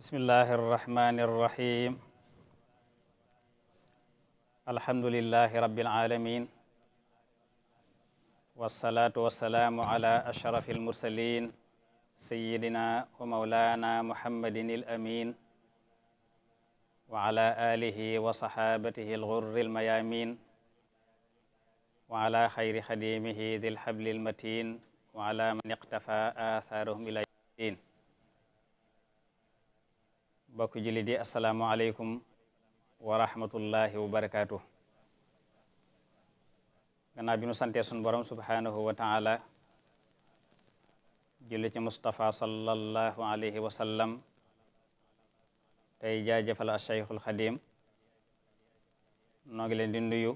bismillahi arrahmani arrahim alhamdulilahi rabilalamin wasalaatu wasalaamu ala ashrafi almursalin sayidina wa maulana muhammadin alamin wa ala alihi wa sahabatihi alghurri almayamin wa ala khayri khadimihi dhi alhabli almatin wa ala man iqtafa atharahum ila yawm الدين bokk jullit yi asalaamualeykum wa rahmatullahi wa barakaatu. gannaaw bi nu sun borom subhaanahu wa taala julli ci Mustapha sallallahu alayhi wa sallam tey jaajëfal Cheikhul Xadim noo ngi leen di nuyu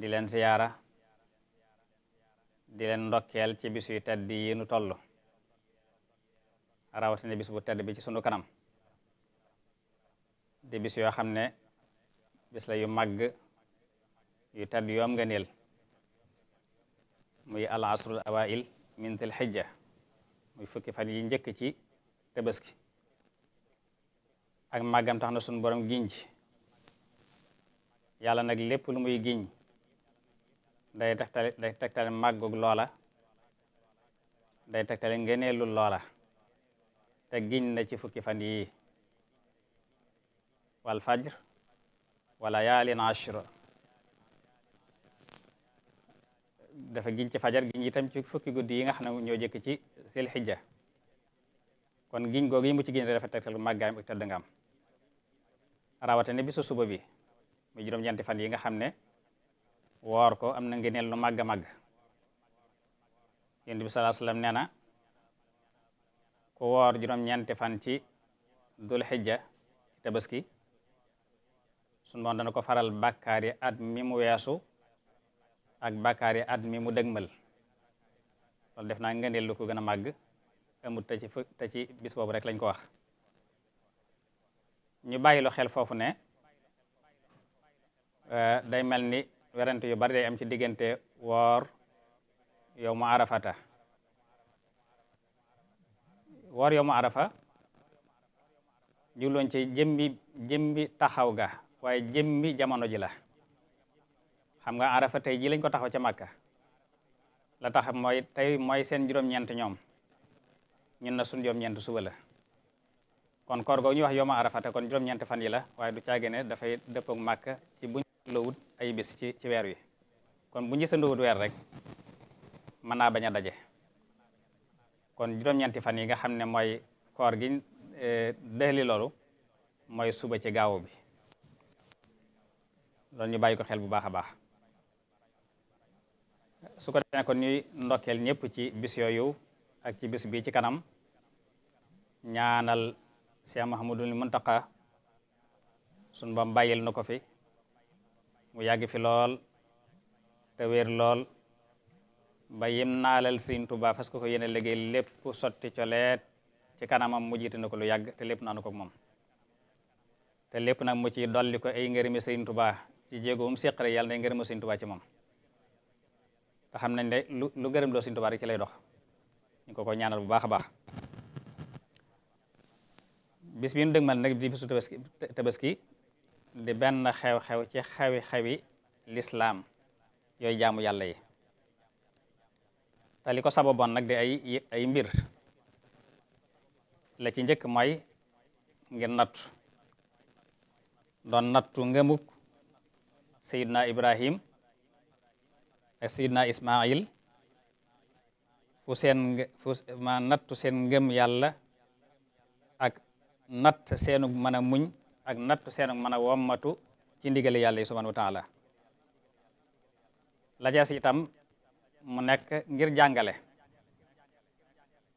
di leen siyaara di leen ndokkeel ci bisu tedd yi toll rawatina bis bu tedd bi ci sunu kanam di bis yoo xam ne bis la yu màgg yu tedd yu nga neel muy al asrul awail min til muy fukki fan yi njëkk ci tabaski ak màggam tax na sunu borom ginj yàlla nag lépp lu muy giñ day tegtale day tegtale màggug loola day tegtale ngëneelul loola te giñ na ci fukki fan yii wal fajr wa layaalin ashr dafa giñ ci fajar giñ itam ci fukki guddi yi nga xam ne ñoo jëkk ci sil xijja kon giñ googu yi mu ci giñ dafa tegtal màggaayam ak tëdd nga am rawatina ne bisu suba bi mu juróom-ñeenti fan yi nga xam ne woor ko am na ngëneel lu màgg a màgg yonent bi sallallahu ku woor juróom-ñeenti fan ci dul xijja ci tabaski sunu borom dana ko faral bàkkaar at mi mu weesu ak bàkkaar at mi mu dëgmal loolu def naa ngëneel lu ko gën a màgg amut te ci fu boobu rek lañ ko wax ñu bàyyi lu xel foofu ne euh, day mel ni werante yu bari day am ci diggante woor yow mu arafata war yow arafa jubloon ci jëmbi jëmbi taxaw ga waaye jëmbi jamono ji la xam nga arafa tey ji lañ ko taxaw ca màkka la tax mooy tey mooy seen juróom-ñeent ñoom ñun na sun yoom ñeent suba la kon koor googu ñuy wax yowma arafa te kon juróom-ñeent fan yi la waaye du caage ne dafay dëppoog màkka ci buñ lowut ay bis ci ci weer wi kon bu ñu sanduwut rek mën naa bañ a daje kon juróom-ñeenti fan yi nga xam ne mooy koor gi e, dëhli loolu mooy suba ci gaawu bi loolu ñu bàyyi ko xel bu baax a baax su ko ñuy ndokkeel ñëpp ci bis yow ak ci bis bii ci kanam ñaanal Cheikh Mahamadul Muntaqa sun bam bàyyil na ko fi mu yàgg fi lool te wér lool ba yim naalal Sëriñ Tuubaa fas ko ko yéene liggéey lépp sotti coleet ci kanamam mu jiite na ko lu yàgg te lépp naanu ko moom te lépp nag mu ci dolli ko ay ngërëmi Sëriñ Tuubaa ci jéego mu séq rek yàlla na ngërëma Sëriñ Tuubaa ci moom te xam nañ ne lu lu gërëm loo Sëriñ Tuubaa rek ci lay dox ñu ko ko ñaanal bu baax a baax bis bi ma dëgmal nag di bisu tabaski tabaski di benn xew-xew ci xewi xewi lislaam yooyu jaamu yàlla yi te li ko sababoon nag di ay ay mbir la ci njëkk may ngir nattu doon nattu ngëmuk sayidna ibrahim ak sayidna ismail fu seen fu ma nattu seen ngëm yàlla ak natt seenug mën a muñ ak natt seenug mën wommatu ci ndigal yàlla yi subhanahu wa taala la jaas itam mu nekk ngir jàngale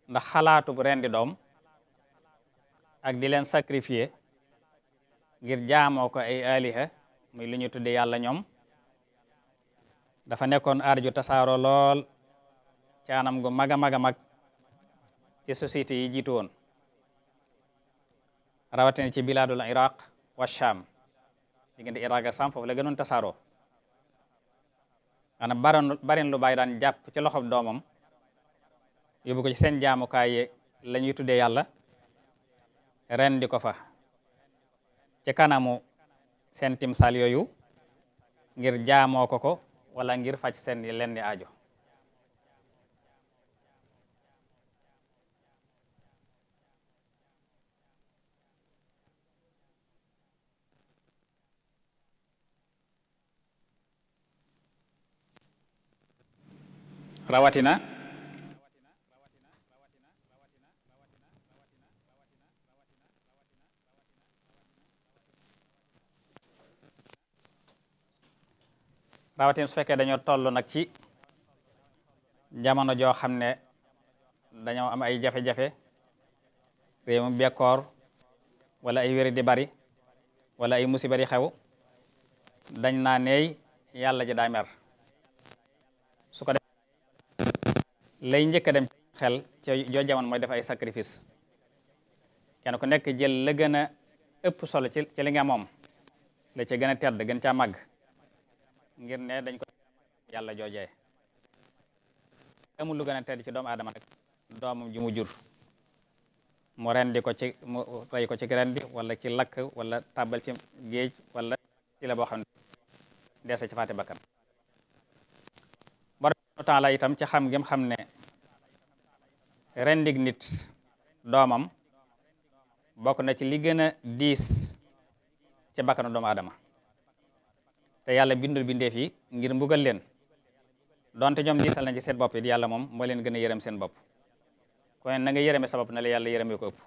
ndax xalaatu bu rendi doom ak di leen sacrifier ngir jaamoo ko ay aliha muy lu ñu tudde yàlla ñoom dafa nekkoon aar ju tasaaroo lool caanam anam gu mag a mag a mag ci société yi jiitu woon rawatina ci bilaadul iraq wa sham diggante iraq ak sam foofu la gënoon tasaaroo maanaam baroon barin lu bàyyi daan jàpp ci loxo doomam yóbbu ko ci seen jaamukaay yi la ñuy tuddee yàlla ren di ko fa ci kanamu seen timsal yooyu ngir jaamoo ko ko wala ngir faj seen lenn di aajo rawatina rawatina su fekkee dañoo toll nag ci jamono joo xam ne dañoo am ay jafe-jafe réew mu bekkoor wala ay wéri di bari wala ay musiba di xew dañ naa neey yàlla ji daa mer lay njëkk a dem xel ca joo jamono mooy def ay sacrifice kenn ku nekk jël la gën a ëpp solo ci ci li moom la ca gën a tedd gën caa màgg ngir ne dañ ko yàlla joojee amul lu gën tedd ci doomu aadama rek doomam ji mu jur mu rendi ko ci mu ko ci rendi wala ci lakk wala tàbbal ci géej wala ci la boo xam ne dee sa ci faati bakkan notaan la itam ci xam gim xam ne rendig nit doomam bokk na ci li gën a diis ci bakkanu doom aadama te yàlla bindul bindeef yi ngir mbugal leen donte ñoom diisal na ci seen bopp it yàlla moom moo leen gën a yërëm seen bopp kon na nga yërëme sa bopp na la yàlla yërëme ko ëpp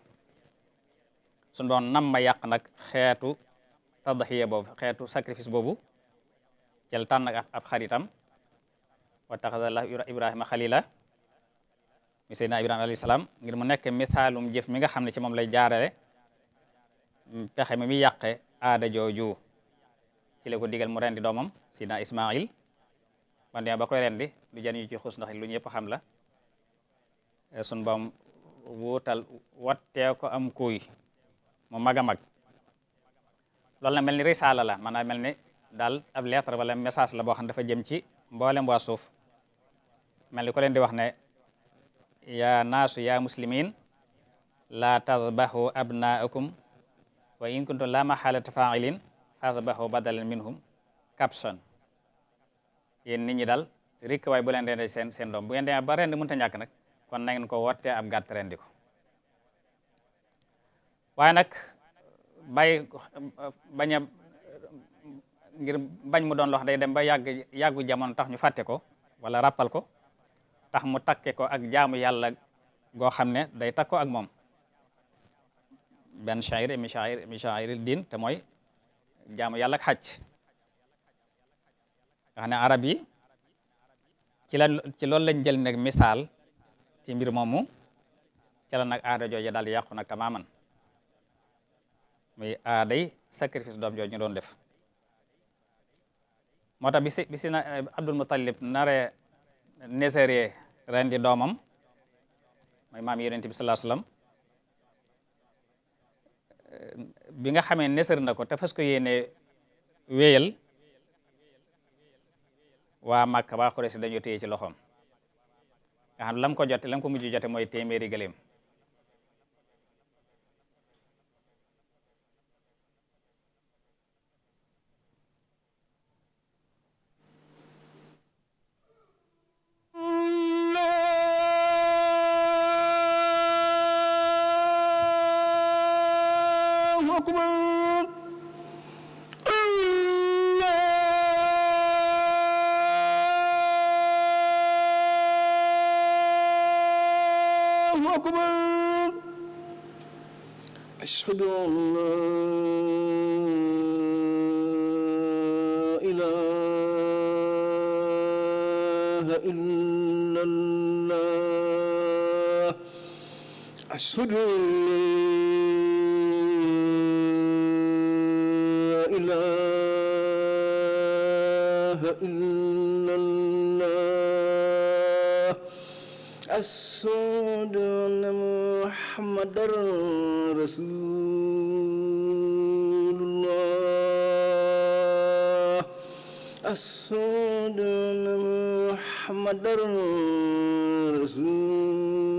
suñu doon nam ma yàq nag xeetu tadxiya boobu xeetu sacrifice boobu jël tànn ak ab xaritam wataxadallah ibrahima xalila mi seydina ibrahima alayhi salaam ngir mu nekk misaalum jëf mi nga xam ne ci moom lay jaarale mm, pexe mi muy yàqe aada jooju ci la ko digal mu rendi doomam seydina ismail bandee ba koy rendi du jan ñu ci xuus xam la eh, sun bam wuutal wattee ko am kuy mu mag a mag loolu na mel ni risaala la maanaam mel ni daal ab lettre wala message la boo xam ne dafa jëm ci mboolem waa suuf mel ni ko leen di wax ne yaa naasu yaa muslimin laa tadbahu abnaakum wa in kuntum laa maxaalata faailin fadbahu badal minhum kapson yéen nit ñi daal rikk waay bu leen rendi seen seen doom bu ngeen demee ba rendi mënta ñàkk nag kon na ngeen ko wottee ab gàtt rendi ko waaye nag bàyyi bañ ngir bañ mu doon lox day dem ba yàgg yàggu jamono tax ñu fàtte ko wala rappal ko tax mu takkee ko ak jaamu yàlla goo xam ne day takkoo ak moom benn shair mi shair mi shairil din te mooy jaamu yàlla ak xaj nga xam ci la ci loolu lañ jël nag misaal ci mbir moomu ci la nag aada jooju daal yàqu nag tamaaman muy aaday sacrifice doom jooju ñu doon def moo tax bi si na eh, Abdul Mutalib nare Nesere rendi doomam mooy maam yonent bi sallallahu alayhi wasallam bi nga xamee neser na ko te fas ko yéene wéyal waa Makka waa Xuraysi dañoo téye ci loxoom nga xam lam ko jote lam ko mujj jote mooy téeméeri gëléem واشهد ان لا اله الا الله اشهد ان لا اله الا الله اشهد ان محمدا رسول أشهد أن محمد رسول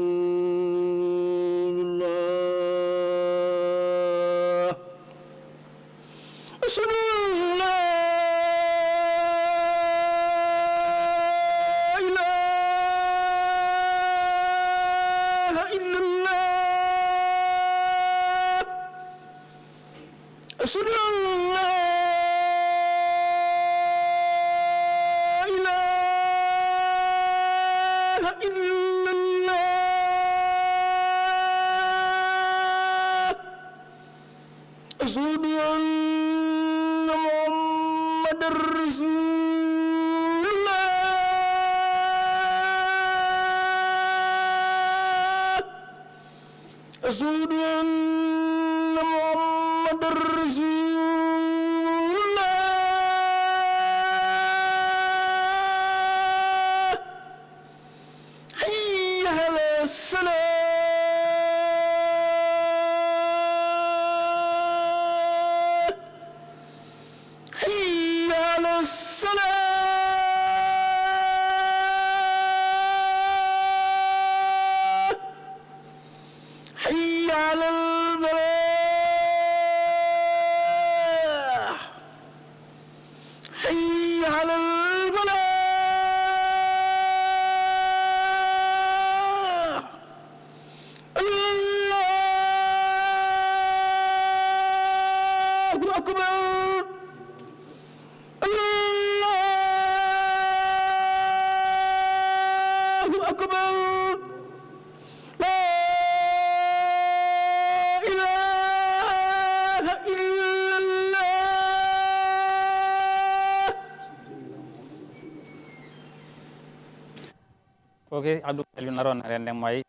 kooku abdou li naroon mooy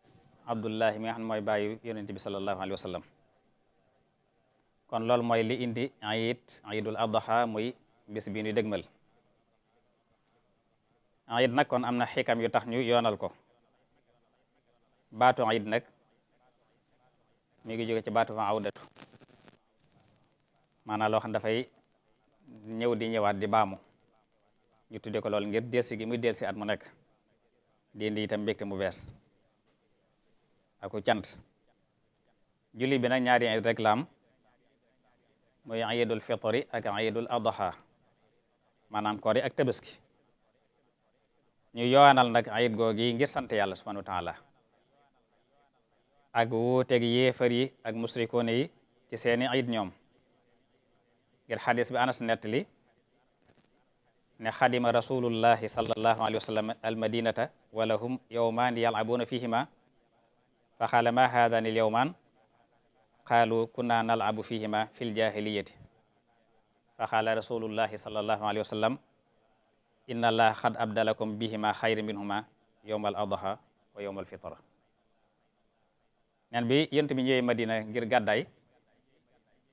abdullahi mi nga xam mooy bàyyi yonent bi sallallahu alayhi wa kon loolu mooy li indi ayid ayidul adha muy bis bi ñuy dégmal ayid nag kon am na xikam yu tax ñu yoonal ko baatu ayid nag mi ngi jóge ci baatu fa awdatu maanaam loo xam dafay ñëw di ñëwaat di baamu ñu tudde ko loolu ngir delsi gi muy delsi at mu nekk di indi itam mu bees aku cant julli bi nag ñaari iid rek la am mooy iidul fitri ak iidul adha maanaam koor ak tabaski ñu yowanal nag iid googi ngir sant yàlla subhanahu wa taala ak wuuteeg yéefar yi ak musrikoon yi ci seeni ayit ñoom ngir xadis bi anas nettali ne xadima rasulullahi sallallahu alayhi wa sallam almadinata wa lahum yowmaani fa xaala ma haadani l yowmaan kunna nalabu fihima fi ljahiliyati fa xaala rasulullahi sallallahu alayhi wa sallam inna allah xad abdalakum bihima xayri minhuma yowma al wa yowma alfitra nen bi yent bi ñëwee madina ngir gàddaay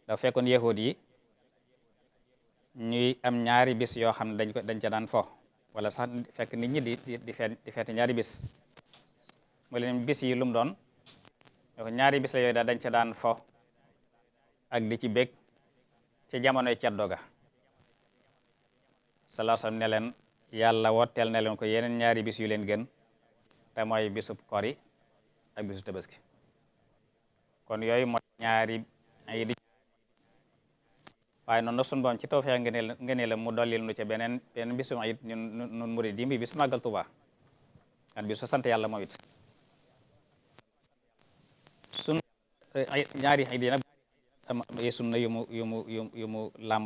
dafa fekkoon ñuy am ñaari bis yoo xam ne dañ ko dañ ca daan fo wala sax fekk nit ñi di di feet di feete ñaari bis mu leen bis yi lu mu doon ñaari bis la yooyu daal dañ ca daan fo ak di ci bég ci jamonoy ceddo ga sallallahu alayhi wasallam ne leen yàlla wotteel ne leen ko yeneen ñaari bis yu leen gën te mooy bisub kori ak bisu tabaski kon yooyu mooy ñaari waaye noonu nag sunu borom ci tawfeex ngëneel ngëneel la mu dollil nu ca beneen beneen bisum it ñun ñun murid yi bi bisu màggal Tuubaa sant yàlla moom eh, ñaari xid yi nag ay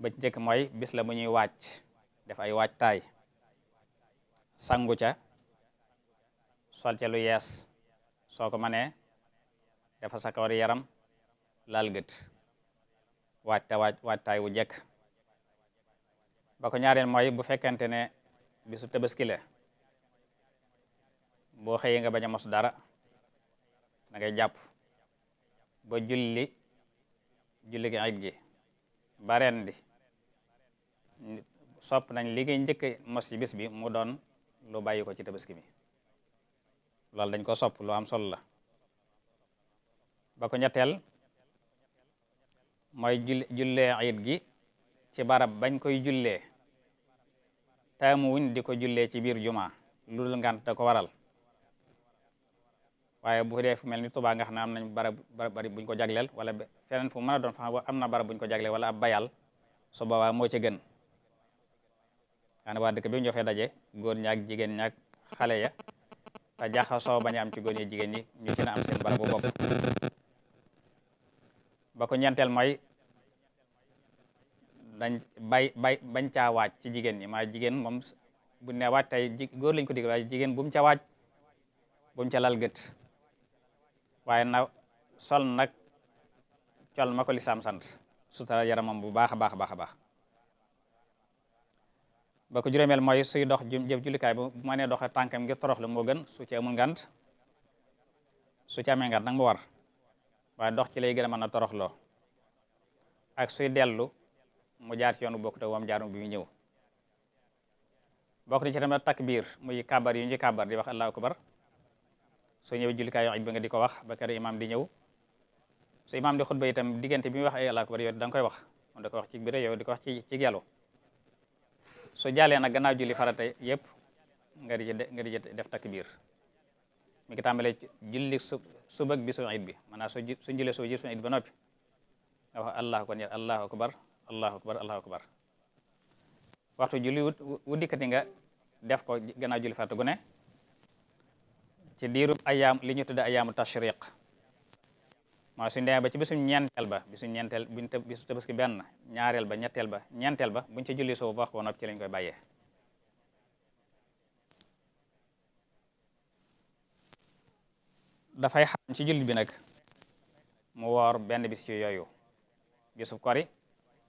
ba njëkk mooy bis la mu ñuy waaj def ay waaj taay sangu ca sol ca lu yees soo ko mënee dafa sa kawar yaram laal gët waajta waaj waajtaay wu jekk bako ko ñaareel mooy bu fekkente ne bisu tabaski la boo xëyee nga baña a mos dara da ngay jàpp ba julli julli gi ayit gi ba ren di sopp nañ liggéey ngay njëkk mos ci bis bi mu doon lu bàyyi ko ci tabaski bi loolu dañ ko sopp lu am solo la ba mooy jullee iid gi ci barab bañ koy jule jullee wuñ di ko jullee ci biir juma lu dul ngànt ko waral waaye bu dee fu mel ni Tuubaa nga xam ne am nañ barab buñ ko jagleel wala feneen fu mën a doon fa am na barab buñ ko jagleel wala ab bayal su boobaa moo ci gën waa dëkk bi mu joxee daje góor ñaak jigéen ñaak xale ya te jaxasoo bañ a am ci góor ñi jigéen ñi ñu gën a am seen barabu bopp ba ko ñeenteel mooy bay bay bañ caa waaj ci jigéen ñi maa jigéen moom bu ne waaj tey góor lañ ko digal waaye jigéen bu mu ca waaj bu ca lal gët waaye na sol nag col ma ko lislaam sant sutura moom bu baax a baax a baax a baax ba ko juróomeel mooy suy dox jëm jullikaay bu ma nee doxe tànkam ngir toroxlu moo gën su ci amul ngant su ci amee ngant nag mu war waaye dox ci lay gën a mën a toroxloo ak suy dellu mu jaar ci yoonu bokkut ak wam jaarum bi mu ñëw bokk na ci tamit takbir muy kàbbar yu ñu ci kàbbar di wax allahu akbar soo ñëwee jullikaayu aj bi nga di ko wax ba kër imaam di ñëw su imaam di xutba itam diggante bi muy wax ay allahu akbar yow da nga koy wax moom ko wax ci biir yow di ko wax ci ci yàllu su a nag gannaaw julli farata yëpp nga di nga def takbir mi ngi tàmbalee julli su subak bi su iid bi maanaam so su jullee su jël su iid ba noppi nga wax allahu akbar allahu akbar allahu akbar allahu akbar waxtu julli wu dikkati nga def ko gannaaw julli farata gu ne ci diiru ayaam li ñu tudde ayaamu tashriq maa suñ demee ba ci bisu ñeenteel ba bisu ñeenteel bisu tabaski benn ñaareel ba ñetteel ba ñeenteel ba buñ ci julli soo ba wax ko noppi ci lañ koy bàyyee dafay ci jul bi nag mu woor benn bis yooyu bisu kori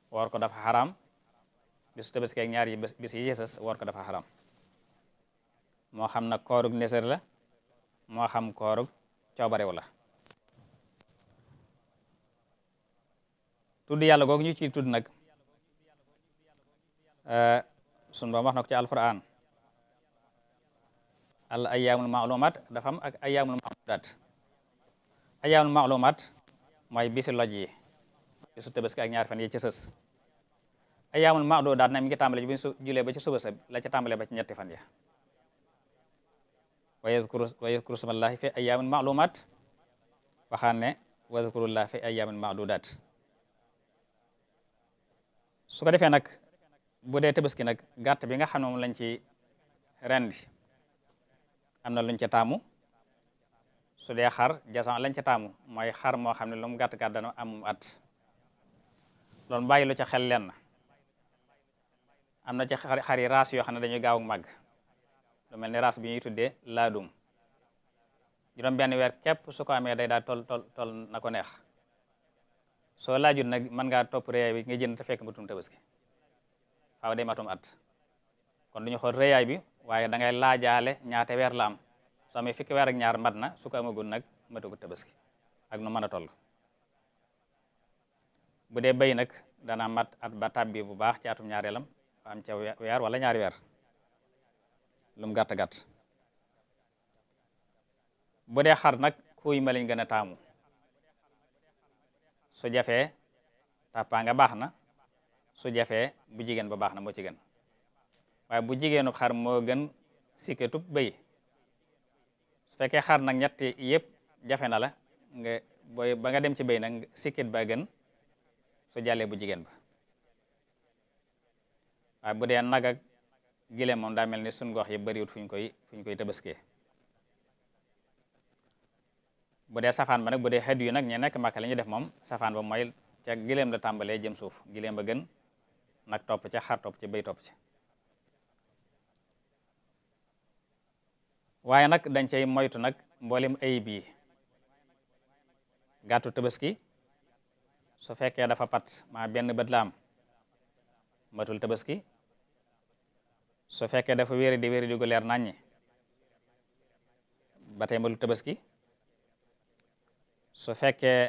woor ko dafa xaram bisu tabaski ak ñaar yi bis yi yeesas woor ko dafa xaram moo xam nag koorug neser la moo xam koorug coobarew la tudd yàlla googu ñu ci tudd nag eh, sun ba wax na ko ci alquran al ayaamul maalumaat dafa am ak ayaamul maalumaat ayaamul maalumaat mooy bisi loj yi bisu tabaski ak ñaar fan yi ci ayaamul maalumaat nag mi ngi tàmbale bi ñu julee ba ci suba la ca tàmbale ba ci ñetti fan ya wa yadkuru wa yadkuru smallahi fi ayaamul maalumaat waxaan ne wa yadkurullah fi ayaamul maaludaat su ko defee nag bu dee tabaski nag gàtt bi nga xam ne moom lañ ci rendi am na luñ ca taamu su dee xar jasan lañ ca taamu mooy xar moo xam ne lu mu gàtt-gàtt dana am at loolu bàyyi lu ca xel leen na am na ca xar yi raas yoo xam ne dañuy gaaw màgg lu mel ni raas bi ñuy tuddee laadum juróom benn weer képp su ko amee day daal tol tol tol na ko neex soo laajut nag mën ngaa topp réyaay bi nga jënd te fekk mbatum tabaski faaw day matum at kon du xool réyaay waaye da ngay laajaale ñaate weer la am amee fukki weer ak ñaar mat na su ko amagul nag matagu tabaski ak nu mën a toll bu dee béy nag dana mat at ba tàbbi bu baax caatum atum ñaareelam weer wala ñaari weer lum gàtt-gàtt bu dee xar nag kuuy ma lañ gën a taamu su jafee tàppaa nga baax na su jafee bu jigéen ba baax na moo ci waaye bu jigéenu xar moo gën siketub bay su fekkee xar nag ñetti yëpp jafe na la nga ba nga dem ci bay nag sikket ba gën su jàllee bu jigéen ba waaye bu dee nag ak gile moom daa mel ni suñ gox yi bariwut fuñ koy fuñ koy tabaskee bu dee safaan ba nag bu dee xet yu nag ñi nekk màkk la def moom safaan ba mooy ca gileem la tàmbalee jëm suuf giléem ba gën nag topp ca xar topp ci béy topp ci waaye nag dañ cay moytu nag mboolem ayib yi gàttu tabaski su fekkee dafa pat maa benn bët la matul tabaski su fekkee dafa wéeri di wéeri di leer naññi ba tey matul tabaski su fekkee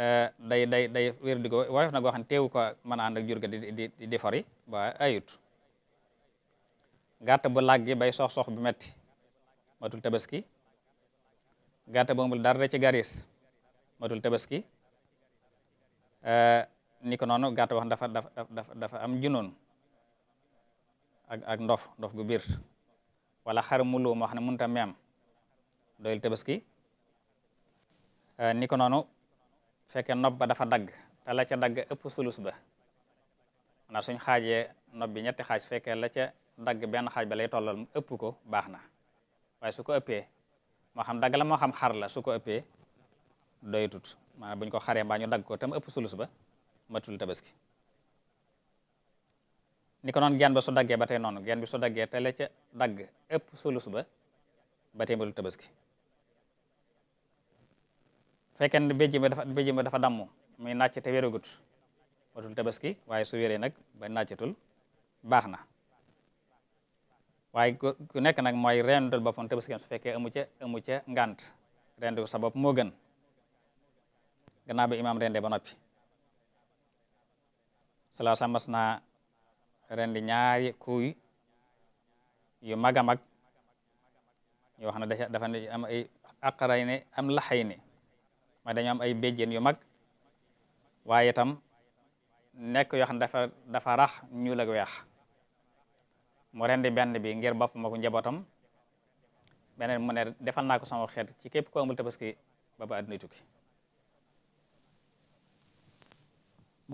eh, day day day wéeri di gu woyof na goo xam ne teewu ko mën a ànd ak jur ga di di di fori ba ayut gàtt bu làggi bay sox-sox bi metti matul tabaski gàtt bu amul dara ci garis matul tabaski eh, ni ko noonu gàtt dafa dafa dafa am junoon ak ak ndof ndof gu biir wala xar mu luum wax ne mënut a meem tabaski eh, ni ko noonu fekkee nopp ba dafa dagg te la ca dagg ëpp sulus ba maanaam suñ xaajee nob bi ñetti xaaj fekkee la ca dagg benn xaaj ba lay tollal ëpp ko baax na waaye su ko ëppee moo xam dagg la moo xam xar la su ko ëppee doytut maanaam bu ñu ko xaree mbaa ñu dagg ko tam ëpp sulus ba matul tabaski ni ko noonu geen su daggee ba tey noonu geen bi su daggee te la ca dagg ëpp sulus ba ba tey tabaski fekkee ne béjji bi dafa béjji bi dafa damm muy nàcc te wéragut matul tabaski waaye su wéree nag ba nàccatul baax na waaye ku nekk nag mooy rendul boppam tabaski su fekkee amu ca amu ca ngànt rendu sa bopp moo gën gannaaw bi imaam rende ba noppi salaa sa mas naa rendi ñaari kuuy yu mag a mag yoo xam ne dafa am ay aqaray ne ne mooy dañu am ay béjjén yu mag waaye itam nekk yoo xam ne dafa ak weex mu rendi benn bi ngir boppam ak njabootam beneen mu ne defal naa ko sama xeet ci képp ko amul tabaski ba ba àdduna tukki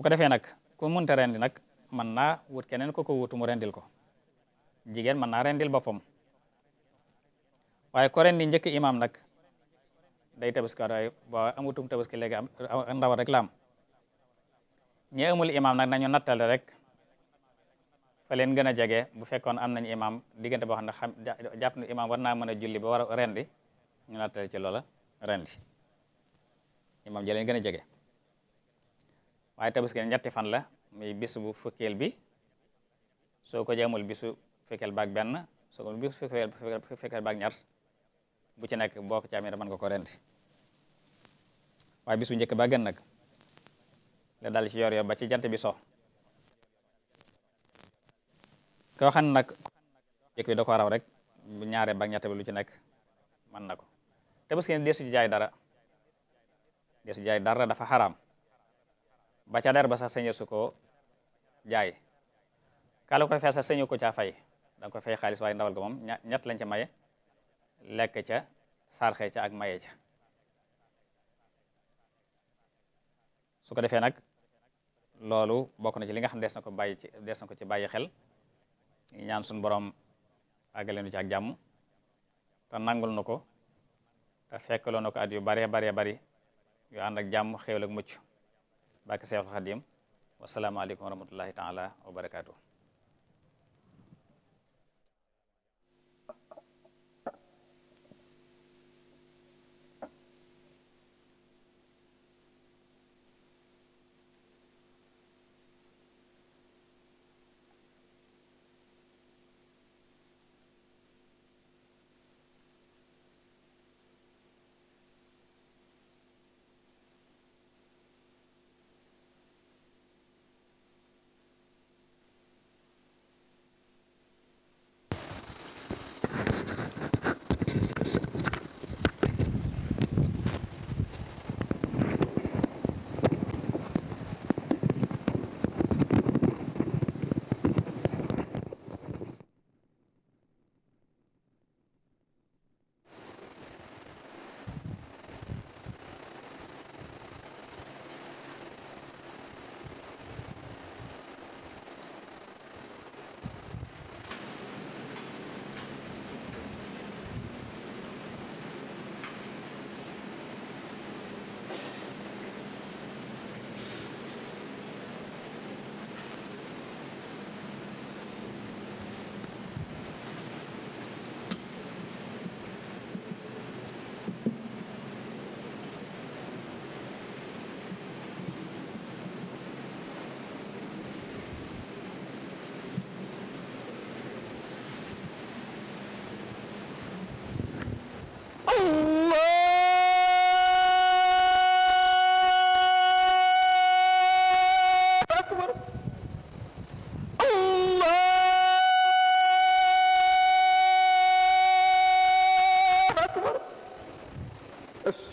ko defee nag ku munta rendi nag mën naa wut keneen ko ko wutu mu rendil ko jigéen mën naa rendil boppam waaye ko rendi njëkk imaam nag day tabaski waaye boo amutum tabaski léegi am amul imaam nag nañu nattale rek fa leen gën a jege bu fekkoon am nañ imam diggante boo xam ne xam jàpp na war naa mën a julli ba war a rendi ñu nattale ci loola rendi imam ja leen gën a jege waaye tabaski ñetti fan la muy bis bu fukkeel bi soo ko jamul bisu fekkeel baag benn soo ko bisu fekkeel baag ñaar bu ci nekk boo ko ci amee mën nga ko rendi waaye bisu njëkk ba gën nag la dal ci yor yor ba ci jant bi so koo xam nag jëkk bi ko raw rek ñaare ba ñett ba lu ci nekk mën na ko tabaski ne deesu jaay dara deesu jaay dara dafa xaraam ba ca der ba sax sañe su ko jaay kala koy fay sax sañu ko caa fay dang nga koy fay xaalis waaye ndawal ga moom ñett lañ ca maye lekk ca sarxe ca ak maye ca suko defee nag loolu bokk na ci li nga xam dees na ko bàyyi ci dees na ko ci bàyyi xel ñaan suñu borom àggale nu ci ak jàmm te nangul nu ko te fekkaloo na ko at yu baree baree bari yu ànd ak jàmm xéewal ak mucc bàkki Seexul Xadim wasalaamaaleykum wa rahmatullahi taala wa barakaatu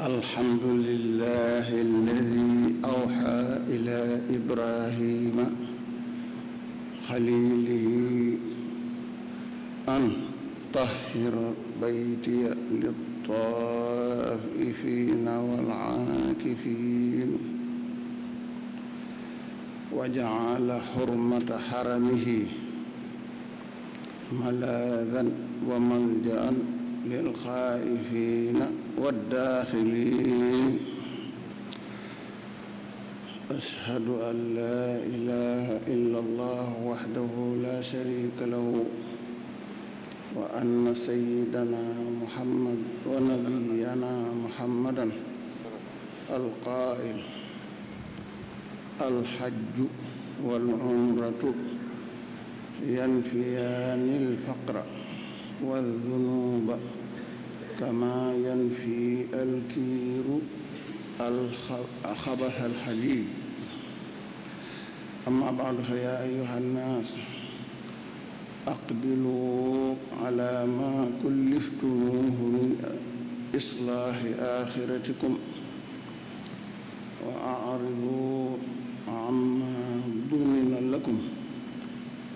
الحمد لله الذي أوحى إلى إبراهيم خليله أن طهر بيتي للطائفين والعاكفين وجعل حرمة حرمه ملاذا وملجأ للخائفين والداخلين أشهد أن لا إله إلا الله وحده لا شريك له وأن سيدنا محمد ونبينا محمدا القائل الحج والعمرة ينفيان الفقر والذنوب كما ينفي الكير الخبث الحديد أما بعد فيا أيها الناس أقبلوا على ما كلفتموه من إصلاح آخرتكم وأعرضوا عما ضمن لكم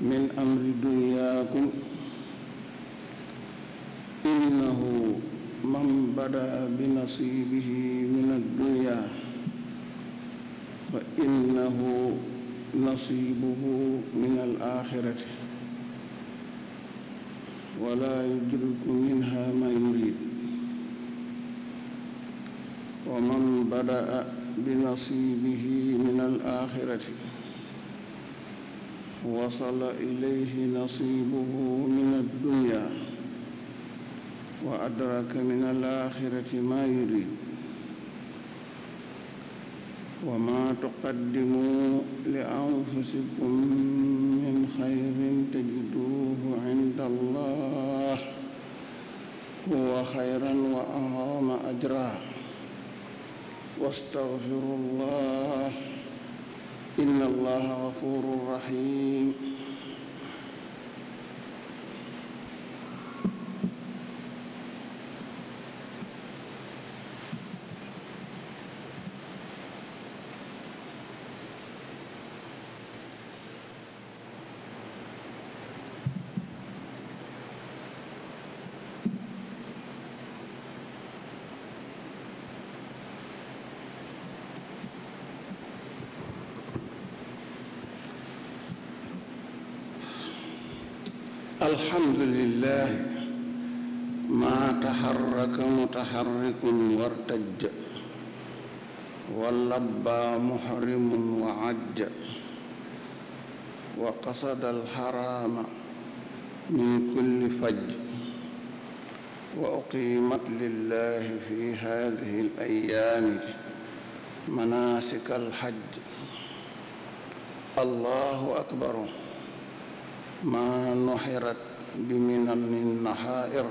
من أمر دنياكم innahu man badaa bi nasibihi min addunya fa innahu nasibuhu min alaaxirati wala yudriku minha ma yurid wa man badaa bi nasibihi min alaaxirati wasala ilayhi nasibuhu min addunya wa adraka min alaaxirati maa yurid wa maa tuqaddimu li anfusikum min xayrin tajiduuhu inda allah huwa xayran wa a'zama ajran wastaxfiru allah inna allaha gafuurun rahiim alhamdulillah maa taxarraka mutaxarrikun wartajja wa labbaa muxrimun wa ajja wa qasada alxaraama min kulli fajj wa uqiimat lillahi fi haadihi alayaami manaasika alxajj allahu akbaru ما نحرت بمنن النحائر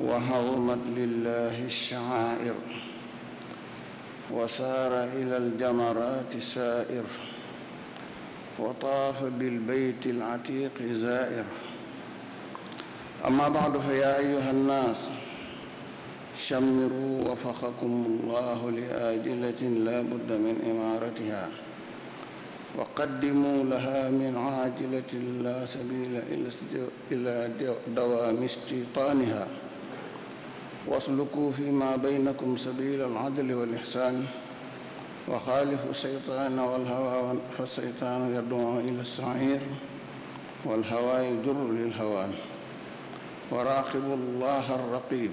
وهضمت لله الشعائر وسار إلى الجمرات سائر وطاف بالبيت العتيق زائر أما بعد فيا أيها الناس شمروا وفقكم الله لآجلة لا بد من إمارتها wa qaddimuu laha min aajilatin laa sabiila ilaa dawaami istitaaniha waslukuu fi ma baynakum sabiila al-adli wal-ihsaan wa xaalifu seytaana wal-hawaa fa seytaanu yad'uu ilaa sa'iir wal-hawaa yajurru lil-hawaan wa raaqibu llaaha ar-raqiib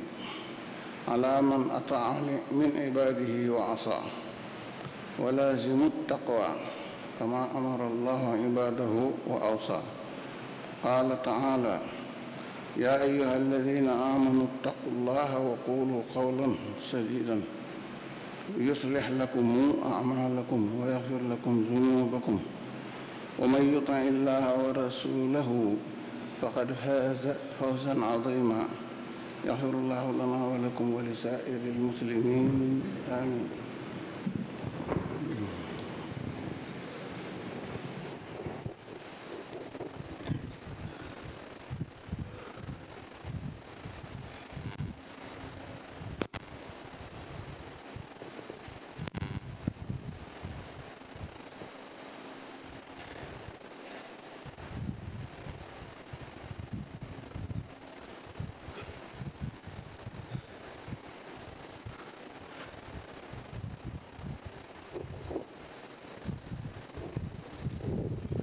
alaa man ataa'a min cibaadihi wa asaa wa laazimu ttaqwaa كما أمر الله عباده وأوصى قال تعالى يا أيها الذين آمنوا اتقوا الله وقولوا قولا سديدا يصلح لكم أعمالكم ويغفر لكم ذنوبكم ومن يطع الله ورسوله فقد فاز فوزا عظيما يغفر الله لنا ولكم ولسائر المسلمين آمين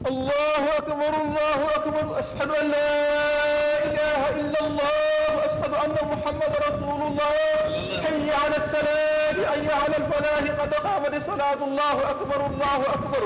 allahu akbar allahu akbar ashhadu an la ilaha illa allah ashhadu anna muhammad rasulullah hayya ala salaati hayya ala alfalahi qad qaamat salaatu allahu akbar allahu akbar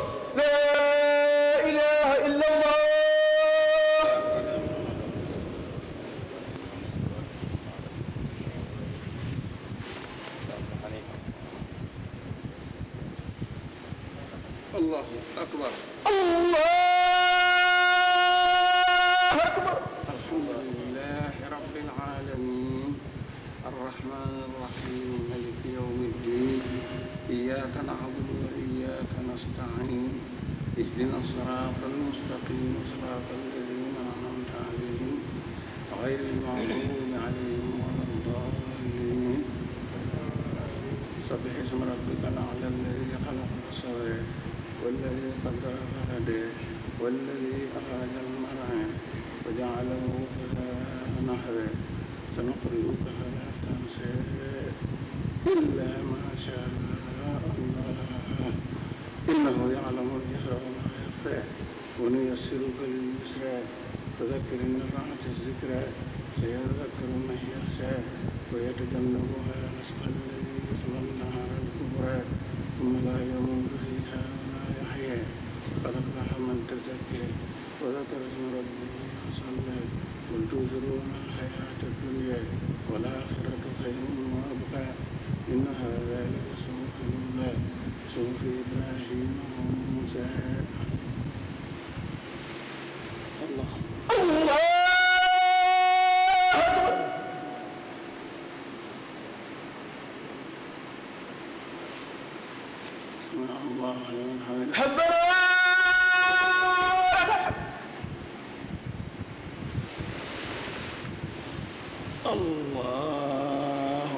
الله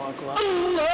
أكبر الله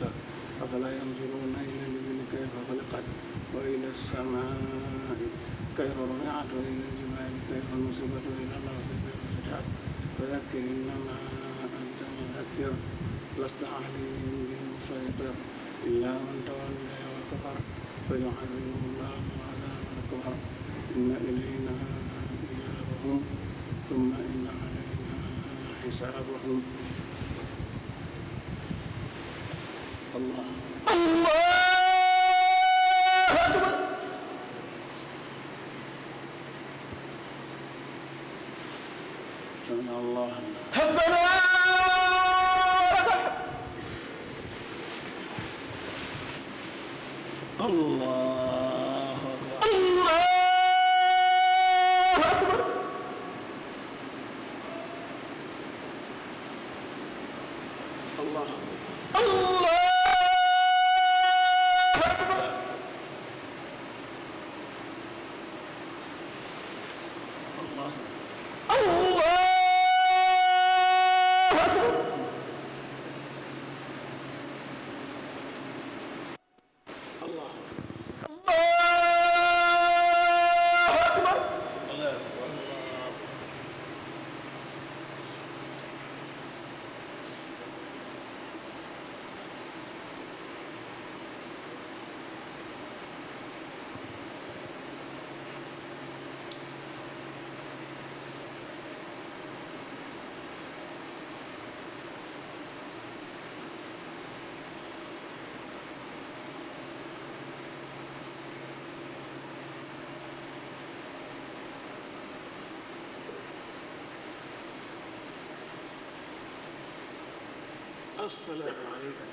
الأبصار أفلا ينظرون إلى الإبل كيف خلقت وإلى السماء كيف رفعت وإلى الجبال كيف نصبت وإلى الأرض كيف سطحت فذكر إنما أنت مذكر لست عليهم بمسيطر إلا من تولى وكفر فيعذبه الله عذاب الكفر إن إلينا إيابهم ثم إن علينا حسابهم الله أكبر assalaamu aleykum